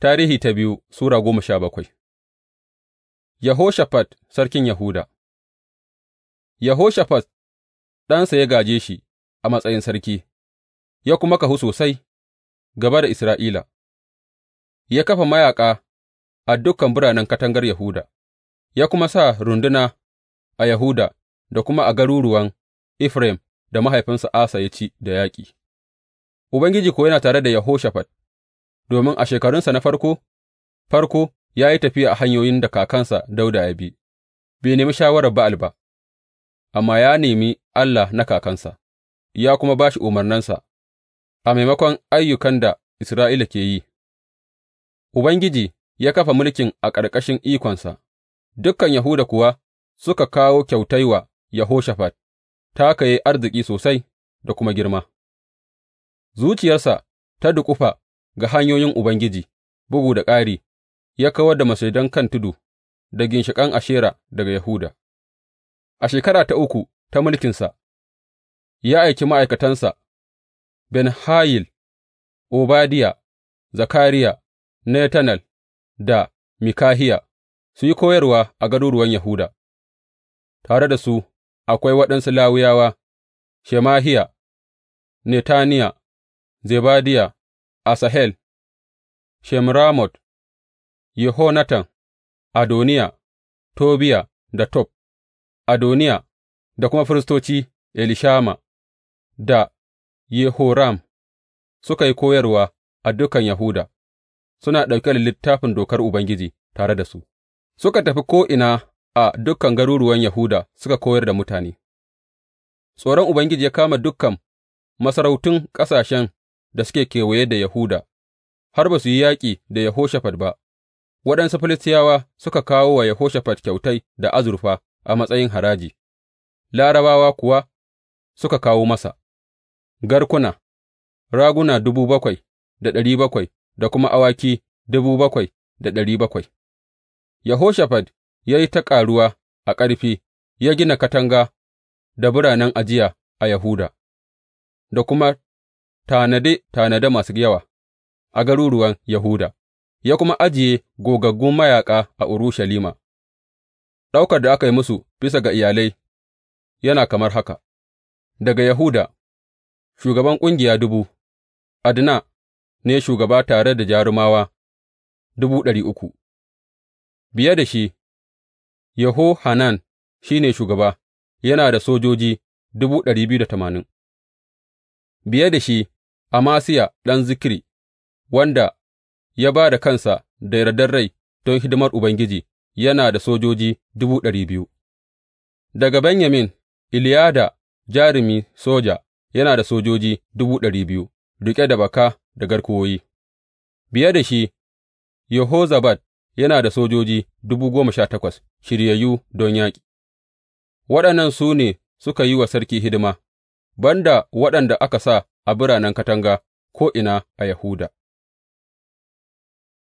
Tarihi ta biyu Sura goma sha bakwai Yahoshafat sarkin Yahuda Yahoshafat ɗansa ya gaje shi a matsayin sarki, ya kuma kahu sosai gaba da Isra'ila, ya kafa mayaƙa a dukan biranen katangar Yahuda, ya kuma sa runduna a Yahuda da kuma a garuruwan Efraim da mahaifinsa Asa ya ci da yaƙi, Ubangiji ko yana tare da Yahoshafat? domin a shekarunsa na farko farko ya yi tafiya a hanyoyin da kakansa Dawuda ya bi, bai nemi shawarar Ba'al ba, amma ya nemi Allah na kakansa, ya kuma ba shi umarnansa a maimakon ayyukan da Isra'ila ke yi. Ubangiji ya kafa mulkin a ƙarƙashin ikonsa, dukan Yahuda kuwa suka kawo kyautai wa Yahoshafat, ta ka yi arziki sosai da kuma girma. Zuciyarsa ta duƙufa ga hanyoyin Ubangiji, bugu da ƙari, ya kawar da masujadan kan tudu da ginshiƙan Ashera daga Yahuda. A shekara ta uku ta mulkinsa, ya aiki ma'aikatansa, Ben Hayil, Obadiya, Zakariya, Netanel da Mikahiya su yi koyarwa a garuruwan Yahuda, tare da su akwai waɗansu lawuyawa: Shemahiya, Netaniya, Zebadiya Asahel, Shemiramot, Yehonatan, Adoniya, Tobiya da Tob, Adoniya da kuma firistoci Elishama da Yehoram suka yi koyarwa a dukan Yahuda, suna ɗauke da littafin dokar Ubangiji tare da su, suka tafi ko'ina a dukan garuruwan Yahuda suka koyar da mutane, tsoron Ubangiji ya kama dukan masarautun ƙasashen. da suke kewaye da Yahuda, har ba su yi yaƙi da Yehoshafat ba, waɗansu Filistiyawa suka kawo wa Yehoshafat kyautai da azurfa a matsayin haraji, Larabawa kuwa suka kawo masa garkuna, raguna dubu bakwai da ɗari bakwai da kuma awaki dubu bakwai da ɗari bakwai. Yehoshafat ya yi ta ƙaruwa a ƙarfi, ya gina katanga da biranen ajiya a Yahuda, da kuma tanade tanade masu yawa a garuruwan Yahuda ya kuma ajiye gogaggun mayaƙa a Urushalima, ɗaukar da aka yi musu bisa ga iyalai yana kamar haka, daga Yahuda, shugaban ƙungiya dubu, Adna ne shugaba tare da jarumawa dubu ɗari uku, biye da shi, Yehohanan shi ne shugaba, yana da sojoji dubu ɗari biyu da tamanin, biye da shi, Amasiya ɗan Zikri, wanda ya ba da kansa da yardar rai don hidimar Ubangiji, yana da sojoji dubu ɗari biyu; daga Benyamin, Eliyada jarumi soja yana da sojoji dubu ɗari biyu riƙe da baka da garkuwoyi; biye da shi, Yehozabad yana da sojoji dubu goma sha takwas shiryayyu don yaƙi. Waɗannan su ne suka yi wa sarki hidima, banda waɗanda aka sa. a biranen katanga ko'ina a Yahuda.